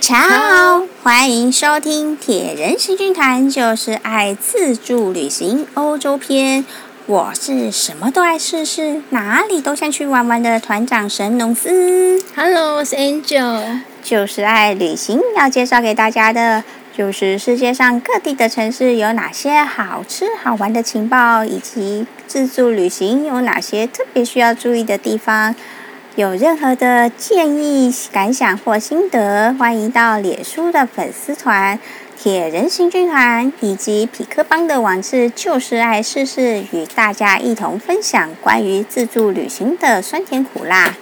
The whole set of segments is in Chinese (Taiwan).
巧，Ciao, Hello. 歡迎收聽《鐵人行軍團》，就是愛自助旅行歐洲篇。我是什麼都愛試試，哪裡都想去玩玩的團長神農氏。Hello，我是 Angel，就是愛旅行。要介紹給大家的，就是世界上各地的城市有哪些好吃好玩的情報，以及自助旅行有哪些特別需要注意的地方。有任何的建議、感想、或心得，歡迎到臉書的粉絲團“鐵人行軍團”以及匹克邦的網誌“就是愛試試”，與大家一同分享關於自助旅行的酸甜苦辣。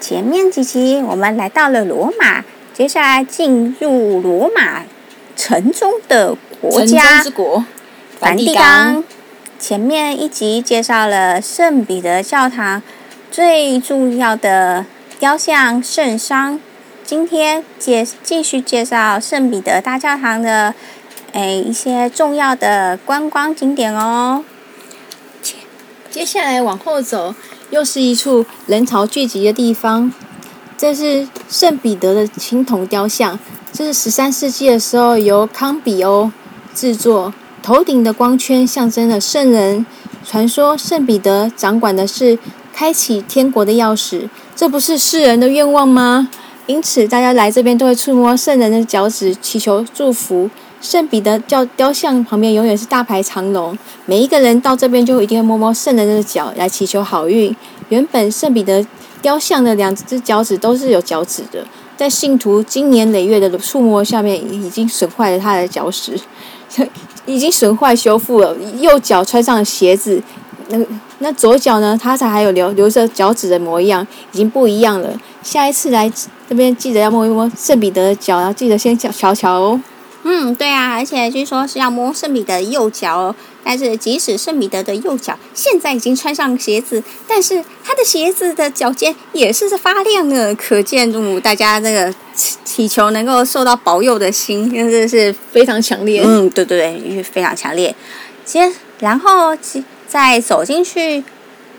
前面幾期我們來到了羅馬，接下來進入羅馬城中的國家——城中之國，梵蒂岡。前面一集介紹了聖彼得教堂。最重要的雕像聖殤，今天介繼續介紹聖彼得大教堂的，誒，一些重要的觀光景點哦。接下來往後走，又是一處人潮聚集的地方。這是聖彼得的青銅雕像，這是十三世紀的時候由康比歐製作。頭頂的光圈象徵了聖人。傳說聖彼得掌管的是。開啟天國的鑰匙，這不是世人的願望嗎？因此，大家來這邊都會觸摸聖人的腳趾，祈求祝福。聖彼得雕雕像旁邊永遠是大排長龍，每一個人到這邊就一定會摸摸聖人的腳，來祈求好運。原本聖彼得雕像的兩隻腳趾都是有腳趾的，在信徒經年累月的觸摸下面，已經損壞了他的腳趾，已經損壞修復了。右腳穿上鞋子，那、呃。那左腳呢？它才還有留留着腳趾的模樣，已經不一樣了。下一次來這邊，記得要摸一摸聖彼得的腳，然後記得先瞧瞧瞧哦。嗯，對啊，而且據說是要摸聖彼得的右腳哦。但是即使聖彼得的右腳現在已經穿上鞋子，但是他的鞋子的腳尖也是發亮的，可見大家這個祈求能夠受到保佑的心真的是非常強烈。嗯，對對對，非常強烈。然後再走進去，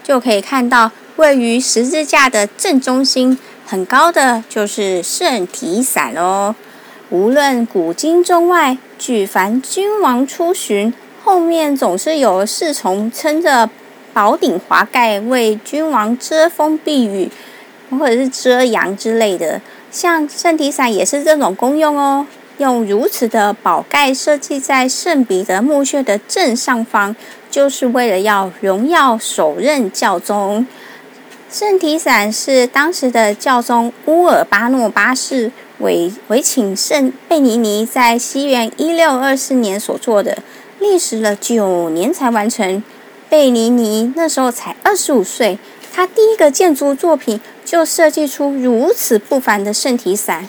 就可以看到位於十字架的正中心，很高的就是聖體傘哦，無論古今中外，舉凡君王出巡，後面總是有侍從撐着寶頂華蓋為君王遮風避雨，或者是遮陽之類的。像聖體傘也是這種功用哦。用如此的寶蓋設計在聖彼得墓穴的正上方。就是為了要榮耀首任教宗。聖體傘是當時的教宗烏爾巴諾八世為為請聖貝尼尼在西元一六二四年所做的，歷時了九年才完成。貝尼尼那時候才二十五歲，他第一個建築作品就設計出如此不凡的聖體傘。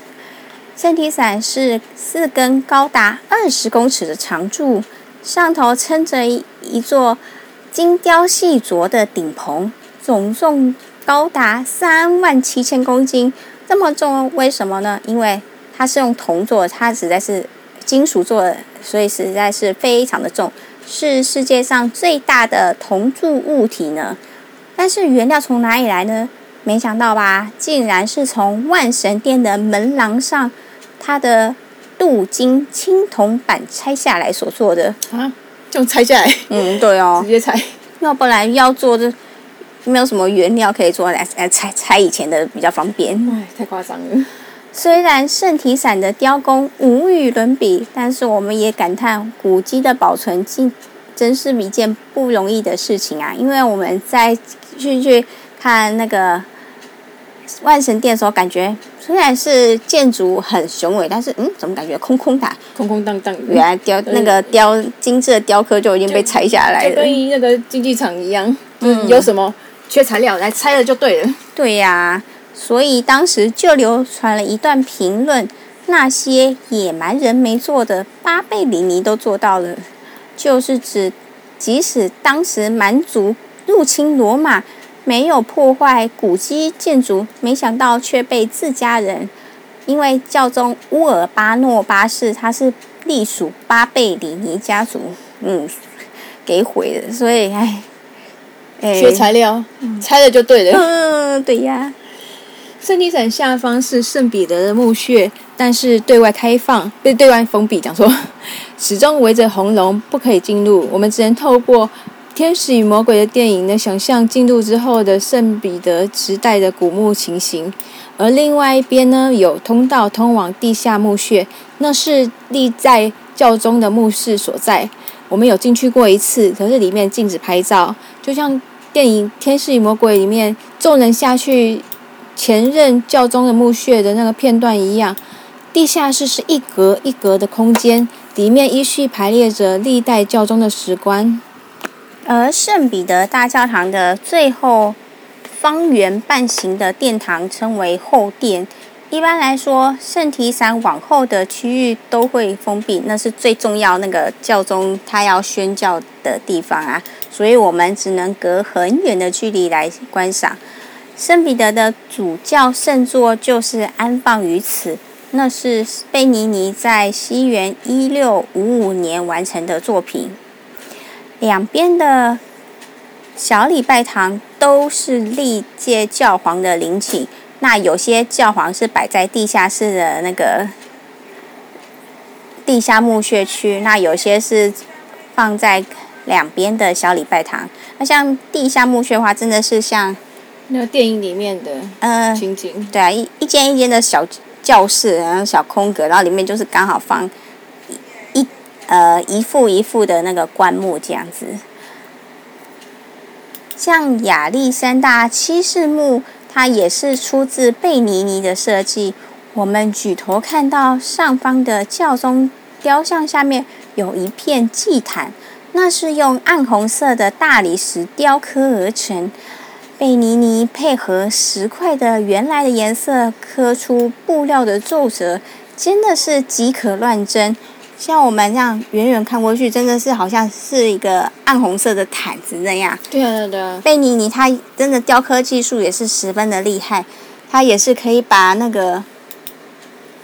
聖體傘是四根高達二十公尺的長柱。上頭撐着一,一座精雕細琢的頂棚，總重高達三萬七千公斤，這麼重，為什麼呢？因為它是用銅做的，它實在是金屬做的，所以實在是非常的重，是世界上最大的銅鑄物體呢。但是原料從哪裡來呢？沒想到吧，竟然是從萬神殿的門廊上，它的。鍍金青銅板拆下來所做的啊，就拆下來，嗯，對哦。直接拆，要不然要做這，沒有什麼原料可以做來，來、哎、拆拆以前的比較方便。嗯、哎，太誇張了。雖然聖體傘的雕工無與倫比，但是我們也感嘆古蹟的保存竟真是一件不容易的事情啊。因為我們在去去看那個萬神殿的時候，感覺。雖然是建築很雄偉，但是嗯，怎麼感覺空空的、啊？空空蕩蕩。原來雕、嗯、那個雕精緻的雕刻就已經被拆下來了。跟那個競技場一樣，嗯，有什麼缺材料來拆了就對了。對呀、啊，所以當時就流傳了一段評論：那些野蠻人沒做的，巴貝里尼都做到了。就是指，即使當時蠻族入侵羅馬。沒有破壞古蹟建築，沒想到卻被自家人，因為教宗烏爾巴諾八世，他是隸屬巴貝里尼家族，嗯，給毀的，所以哎，唉唉學材料拆了就對了嗯，嗯，對呀。聖體傘下方是聖彼得的墓穴，但是對外開放被對，對外封閉，講說始終圍着紅龍，不可以進入，我們只能透過。《天使與魔鬼》的電影呢，想象進入之後的聖彼得時代的古墓情形，而另外一邊呢，有通道通往地下墓穴，那是歷代教宗的墓室所在。我們有進去過一次，可是裡面禁止拍照，就像電影《天使與魔鬼》裡面眾人下去前任教宗的墓穴的那個片段一樣。地下室是一格一格的空間，裡面依序排列着歷代教宗的石棺。而聖彼得大教堂的最後方圓半形的殿堂稱為後殿。一般來說，聖體傘往後的區域都會封閉，那是最重要那個教宗他要宣教的地方啊。所以我們只能隔很遠的距離來觀賞。聖彼得的主教聖座就是安放於此，那是貝尼尼在西元一六五五年完成的作品。兩邊的小禮拜堂都是歷屆教皇的陵寢。那有些教皇是擺在地下室的那個地下墓穴區，那有些是放在兩邊的小禮拜堂。那像地下墓穴的話，真的是像那個電影裡面的呃情景呃。對啊，一一間一間的小教室，然後小空格，然後裡面就是剛好放。呃，一副一副的那個棺木這樣子，像亞歷山大七世墓，它也是出自貝尼尼的設計。我們舉頭看到上方的教宗雕像，下面有一片祭壇，那是用暗紅色的大理石雕刻而成。貝尼尼配合石塊的原來的顏色，刻出布料的皺褶，真的是極可亂真。像我們這樣遠遠看過去，真的是好像是一個暗紅色的毯子，那樣。對啊，對啊，對啊，貝尼尼他真的雕刻技術也是十分的厲害，他也是可以把那個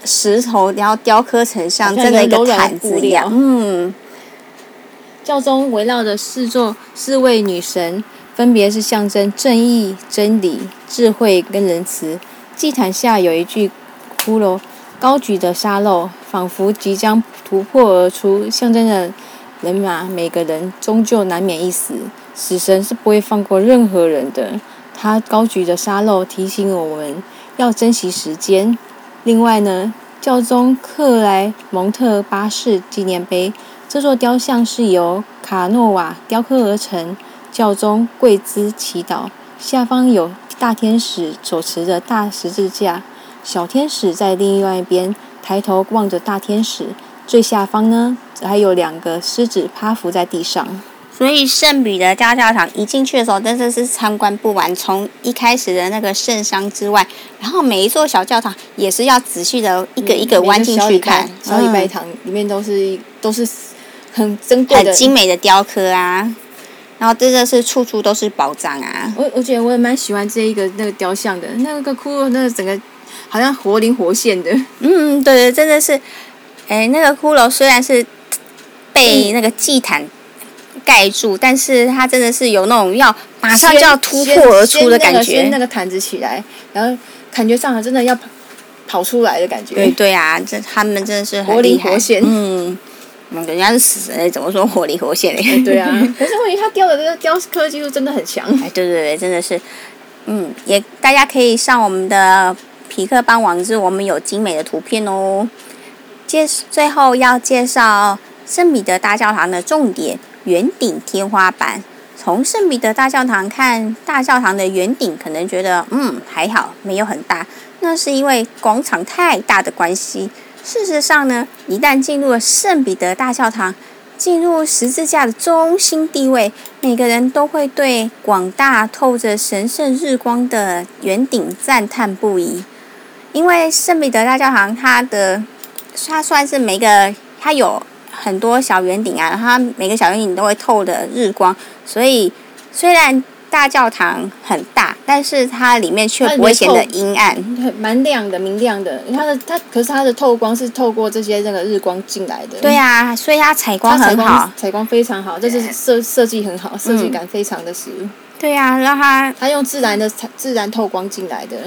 石頭然後雕刻成像好像真的一個毯子一樣。嗯。教宗圍繞着四座四位女神，分別是象徵正義、真理、智慧跟仁慈。祭壇下有一具骷髏，高舉的沙漏，仿佛即將。突破而出，象徵着人馬，每個人終究難免一死。死神是不會放過任何人的。的他高舉着沙漏，提醒我們要珍惜時間。另外呢，教宗克萊蒙特八世紀念碑，這座雕像是由卡諾瓦雕刻而成。教宗跪姿祈禱，下方有大天使手持着大十字架，小天使在另外一邊抬頭望着大天使。最下方呢，還有兩個獅子趴伏在地上。所以聖彼得大教堂一進去的時候，真的是參觀不完。從一開始的那個聖殤之外，然後每一座小教堂也是要仔細的一個一個彎進、嗯、去看。小禮拜、拜堂裡面都是、嗯、都是很珍貴、很精美的雕刻啊。然後真的是處處都是寶藏啊。我我覺得我也蠻喜歡這一個那個雕像的，那個骷髏那個，整個好像活靈活現的。嗯，對的，真的是。哎，那個骷髏雖然是被那個祭壇蓋住，嗯、但是它真的是有那種要馬上就要突破而出的感覺。那個、那個毯子起來，然後感覺上真的要跑出來的感覺。對對啊，這他們真的是活靈活現。嗯，人家是死人，怎麼說活靈活現的、哎、對啊，可是問題他雕的這個雕刻技術真的很強。誒，對對對，真的是，嗯，也大家可以上我們的痞客邦網址，我們有精美的圖片哦。介最後要介紹聖彼得大教堂的重點——圓頂天花板。從聖彼得大教堂看大教堂的圓頂，可能覺得嗯還好，沒有很大，那是因為廣場太大的關係。事實上呢，一旦進入了聖彼得大教堂，進入十字架的中心地位，每個人都會對廣大透着神聖日光的圓頂讚嘆不已。因為聖彼得大教堂它的它算是每個，它有很多小圓頂啊，它每個小圓頂都會透的日光，所以雖然大教堂很大，但是它裡面卻不會顯得陰暗，很蠻亮的、明亮的。它的它可是它的透光是透過這些這個日光進來的。對呀、啊，所以它採光很好，採光，採光非常好，就是設設計很好，設計感非常的實。對呀、啊，然後它它用自然的自然透光進來的。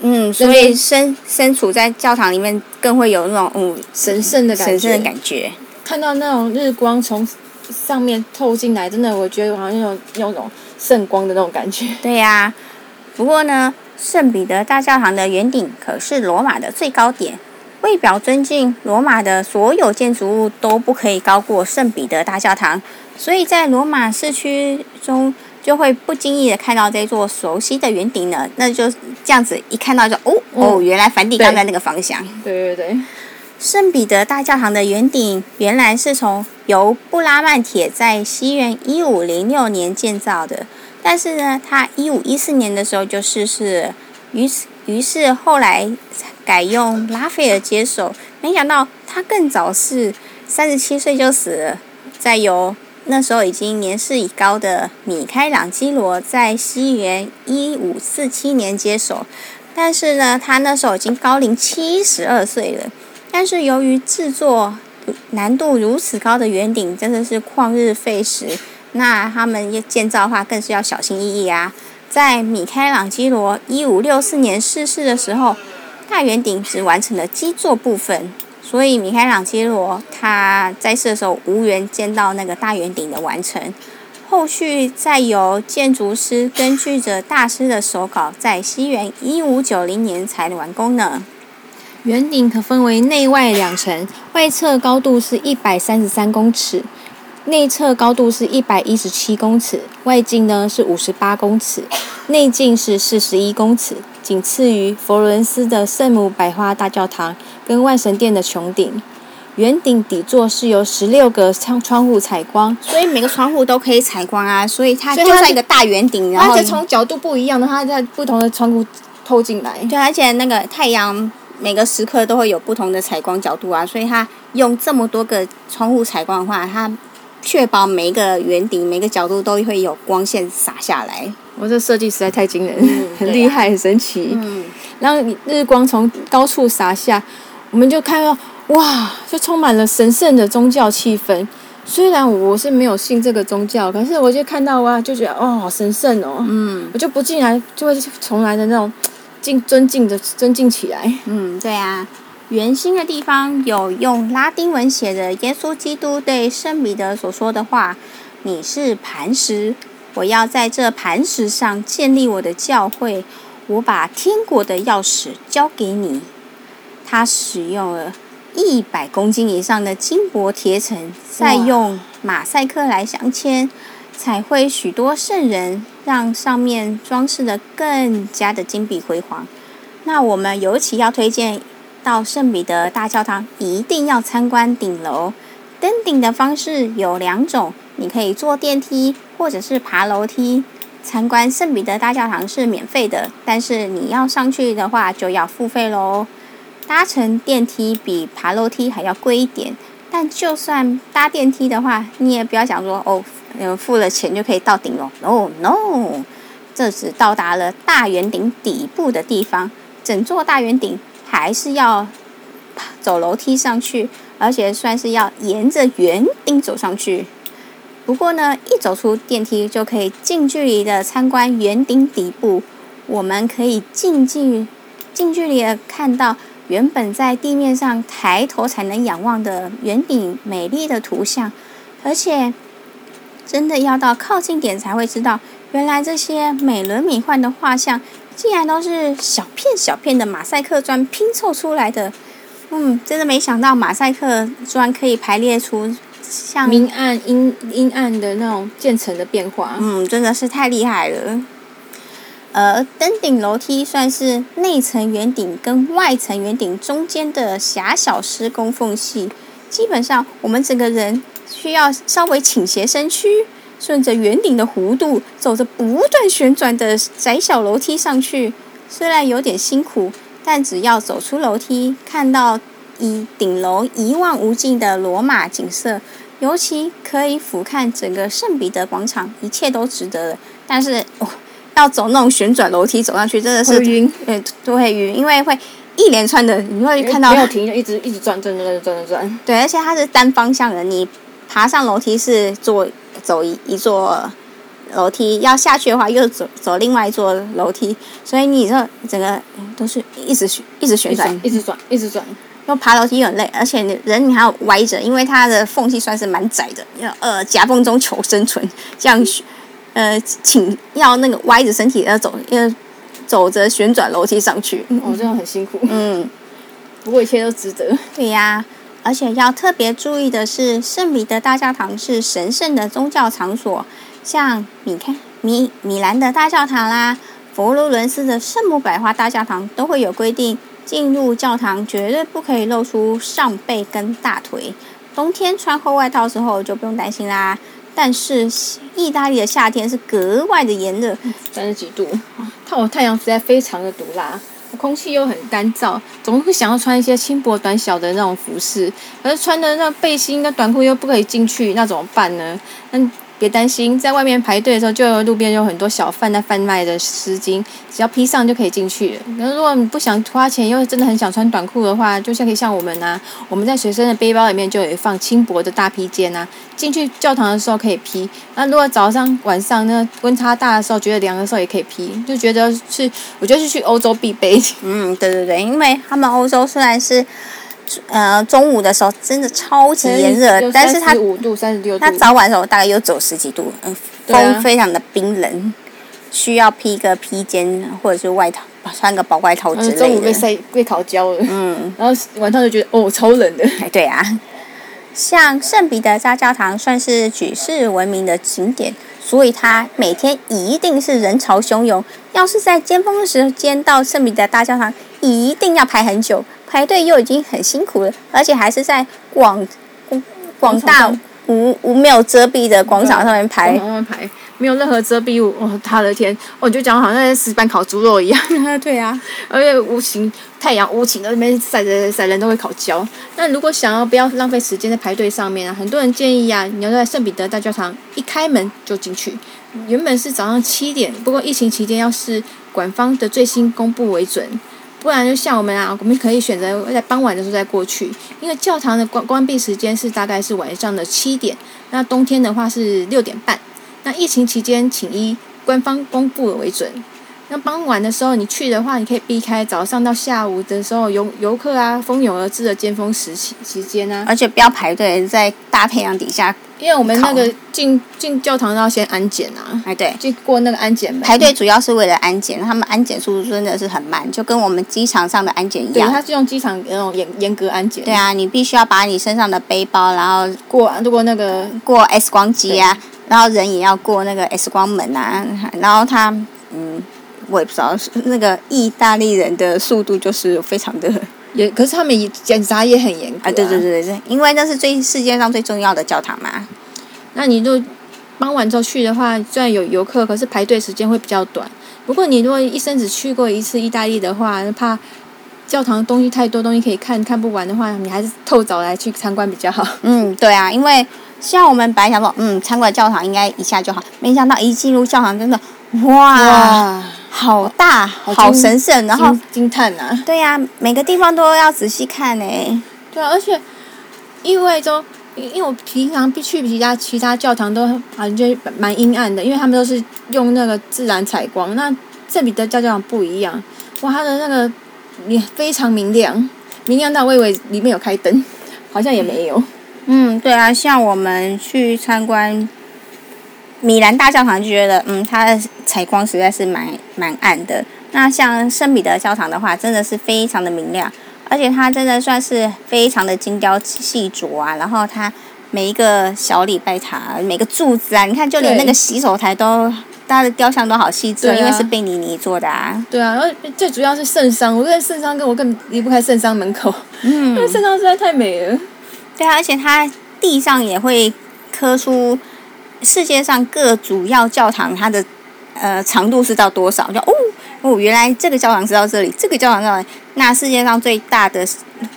嗯，所以身身處在教堂裡面，更會有那種嗯神聖的感覺。神聖的感覺。看到那種日光從上面透進來，真的我覺得好像有那種聖光的那種感覺。對呀。不過呢，聖彼得大教堂的圓頂可是羅馬的最高點。為表尊敬，羅馬的所有建築物都不可以高過聖彼得大教堂，所以在羅馬市區中，就會不經意的看到這座熟悉的圓頂呢，那就這樣子一看到就哦哦，原來梵蒂岡在那個方向，嗯。對對對，聖彼得大教堂的圓頂原來是從由布拉曼鐵在西元一五零六年建造的，但是呢，他一五一四年的時候就逝世，於是於是後來改用拉斐爾接手，沒想到他更早是三十七歲就死了，再由。那時候已經年事已高的米開朗基羅在西元一五四七年接手，但是呢，他那時候已經高齡七十二歲了。但是由於製作難度如此高的圓頂真的是曠日費時，那他們要建造的話更是要小心翼翼啊。在米開朗基羅一五六四年逝世的時候，大圓頂只完成了基座部分。所以，米開朗基羅他在世的時候無緣見到那個大圓頂的完成，後續再由建築師根據着大師的手稿，在西元1590年才完工呢。圓頂可分為內外兩層，外側高度是一百三十三公尺，內側高度是一百一十七公尺，外徑呢是五十八公尺，內徑是四十一公尺，僅次於佛羅倫斯的聖母百花大教堂。跟萬神殿的穹頂，圓頂底座是由十六個窗窗戶採光，所以每個窗戶都可以採光啊，所以它就是一個大圓頂，然後而且從角度不一樣的話，在不同的窗戶透進來，對，而且那個太陽每個時刻都會有不同的採光角度啊，所以它用這麼多個窗戶採光的話，它確保每一個圓頂每個角度都會有光線灑下來。我這設計實在太驚人，嗯啊、很厲害，很神奇。嗯，然後日光從高處灑下。我們就看到哇，就充滿了神聖的宗教氣氛。雖然我是沒有信這個宗教，可是我就看到哇、啊，就覺得哇、哦，好神聖哦。嗯，我就不禁來就會從來的那種敬尊敬的尊敬起來。嗯，對啊，圓心的地方有用拉丁文寫的耶穌基督對聖彼得所說的話：“你是磐石，我要在這磐石上建立我的教會，我把天國的鑰匙交給你。”它使用了一百公斤以上的金箔貼層，再用馬賽克來鑲嵌，彩繪許多聖人，讓上面裝飾得更加的金碧輝煌。那我們尤其要推薦到聖彼得大教堂，一定要參觀頂樓。登頂的方式有兩種，你可以坐電梯，或者是爬樓梯。參觀聖彼得大教堂是免費的，但是你要上去的話就要付費嘍。搭乘電梯比爬樓梯還要貴一點，但就算搭電梯的話，你也不要想說哦，嗯，付了錢就可以到頂樓。No No，這只到達了大圓頂底部的地方，整座大圓頂還是要爬走樓梯上去，而且算是要沿着圓頂走上去。不過呢，一走出電梯就可以近距離的參觀圓頂底部，我們可以近距近、近距離的看到。原本在地面上抬頭才能仰望的圓頂美麗的圖像，而且真的要到靠近點才會知道，原來這些美輪美奐的畫像竟然都是小片小片的馬賽克磚拼湊出來的。嗯，真的沒想到馬賽克磚可以排列出像明暗、陰陰暗的那種漸層的變化。嗯，真的是太厲害了。而、呃、登頂樓梯算是內層圓頂跟外層圓頂中間的狹小施工縫隙，基本上我們整個人需要稍微傾斜身軀，順着圓頂的弧度，走着不斷旋轉的窄小樓梯上去。雖然有點辛苦，但只要走出樓梯，看到以頂樓一望無盡的羅馬景色，尤其可以俯瞰整個聖彼得廣場，一切都值得了。但是，哦要走那種旋轉樓梯走上去，真的是暈、欸，都會暈，因為會一連串的你會看到沒有停，一直一直轉轉轉轉轉轉。對，而且它是單方向的，你爬上樓梯是坐走一一座樓梯，要下去的話又走走另外一座樓梯，所以你這整個、嗯、都是一直旋一直旋轉，一直轉一直轉。要爬樓梯很累，而且人你還要歪着，因為它的縫隙算是蠻窄的，要呃夾縫中求生存這樣。嗯呃，請要那個歪着身體要走，要走着旋轉樓梯上去。我真的很辛苦。嗯，不過一切都值得。對呀、啊，而且要特別注意的是，聖彼得大教堂是神聖的宗教場所，像米開米米蘭的大教堂啦、啊，佛羅倫斯的聖母百花大教堂都會有規定，進入教堂絕對不可以露出上背跟大腿。冬天穿厚外套的時候就不用擔心啦。但是意大利的夏天是格外的炎熱，嗯，三十幾度，它、啊、我太陽實在非常的毒辣，空氣又很乾燥，總是想要穿一些輕薄短小的那種服飾，可是穿的那背心、跟短褲又不可以進去，那怎麼辦呢？嗯。別擔心，在外面排隊的時候，就路邊就有很多小販在販賣的絲巾，只要披上就可以進去了。那如果你不想花錢，又真的很想穿短褲的話，就像可以像我們啊，我們在隨身的背包裡面就有放輕薄的大披肩啊，進去教堂的時候可以披。那如果早上晚上呢，溫差大的時候覺得涼的時候也可以披，就覺得是，我覺得是去歐洲必備。嗯，對對對，因為他們歐洲雖然是。呃，中午的時候真的超級炎熱，但是它三十五度、三十六度，它早晚的時候大概又走十幾度，呃，風非常的冰冷，啊，需要披個披肩或者是外套，穿個薄外套之類的。中午被曬被烤焦了，嗯，然後晚上就覺得哦，超冷的。對啊，像聖彼得大教堂算是舉世聞名的景點，所以它每天一定是人潮洶湧。要是在尖峰時間到聖彼得大教堂一定要排很久，排隊又已經很辛苦了，而且還是在廣廣大無無沒有遮蔽的廣場上面排，慢慢排，沒有任何遮蔽物。哦，他的天，我、哦、就講好像在石板烤豬肉一樣。 對啊，而且無情太陽無情在那邊曬着曬，人都會烤焦。那如果想要不要浪費時間在排隊上面啊，很多人建議啊，你要在聖彼得大教堂一開門就進去。原本是早上七點，不過疫情期間要是官方的最新公布為準。不然就像我們啊，我們可以選擇在傍晚的時候再過去，因為教堂的關關閉時間是大概是晚上的七點，那冬天的話是六點半。那疫情期間，請依官方公布為準。那傍晚的時候你去的話，你可以避開早上到下午的時候遊遊客啊蜂擁而至的尖峰時期、期間啊，而且不要排隊在大太陽底下。因為我們那個進考進教堂要先安檢啊，排隊對進過那個安檢門。排隊主要是為了安檢，他們安檢速度真的是很慢，就跟我們機場上的安檢一樣。對啊，他是用機場那種嚴嚴格安檢。對啊，你必須要把你身上的背包，然後過，如果那個，過 X 光機啊，對然後人也要過那個 X 光門啊，然後他嗯，我也不知道是那個意大利人的速度就是非常的。也可是他們也檢查也很嚴格啊！對、啊、對對對對，因為那是最世界上最重要的教堂嘛。那你就傍晚之後去的話，雖然有遊客，可是排隊時間會比較短。不過你如果一生只去過一次意大利的話，怕教堂東西太多，東西可以看看不完的話，你還是透早來去參觀比較好。嗯，對啊，因為像我們本來想說，嗯，參觀教堂應該一下就好，沒想到一進入教堂，真的，哇！哇好大，好，好神聖，然後驚嘆吶！嗯啊、對呀、啊，每個地方都要仔細看呢、欸。對啊，而且因為都，因為我平常去其他其他教堂都好像覺得蠻陰暗的，因為他們都是用那個自然採光，那這裡的教、教堂不一樣，哇，它的那個也非常明亮，明亮到我以為裡面有開燈，好像也沒有。嗯，對啊，像我們去參觀米蘭大教堂就覺得，嗯，它。採光實在是蠻蠻暗的。那像聖彼得教堂的話，真的是非常的明亮，而且它真的算是非常的精雕細琢啊。然後它每一個小禮拜堂，每個柱子啊，你看就連對那個洗手台都搭的雕像都好細緻、哦，啊、因為是貝尼尼做的啊。對啊，然後最主要是聖殤，我覺得聖殤跟我更離不開聖殤門口，嗯，聖殤實在太美了。對啊，而且它地上也會刻出世界上各主要教堂它的。呃，長度是到多少？就哦哦，原來這個教堂是到這裡，這個教堂到這裡，那世界上最大的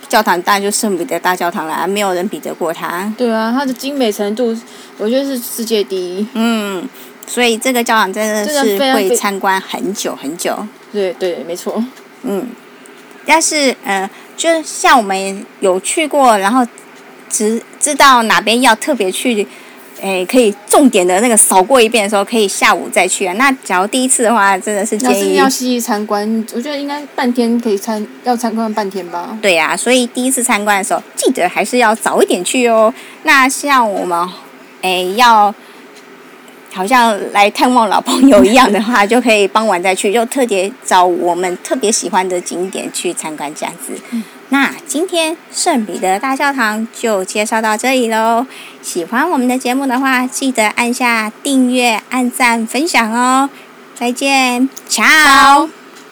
教堂，大概就聖彼得大教堂了，沒有人比得過它。對啊，它的精美程度，我覺得是世界第一。嗯，所以這個教堂真的是會參觀很久很久。對對，對，沒錯。嗯，但是呃，就像我們有去過，然後知知道哪邊要特別去。誒可以重點的那個掃過一遍的時候，可以下午再去啊。那假如第一次的話，真的是建議要細細參觀。我覺得應該半天可以參，要參觀半天吧。對呀，啊，所以第一次參觀的時候，記得還是要早一點去哦。那像我們誒，要好像來探望老朋友一樣的話， 就可以傍晚再去，就特別找我們特別喜歡的景點去參觀，這樣子。嗯那今天聖彼得大教堂就介紹到這裡嘍，喜歡我們的節目的話，記得按下訂閱、按讚、分享哦，再見，瞧 Ciao。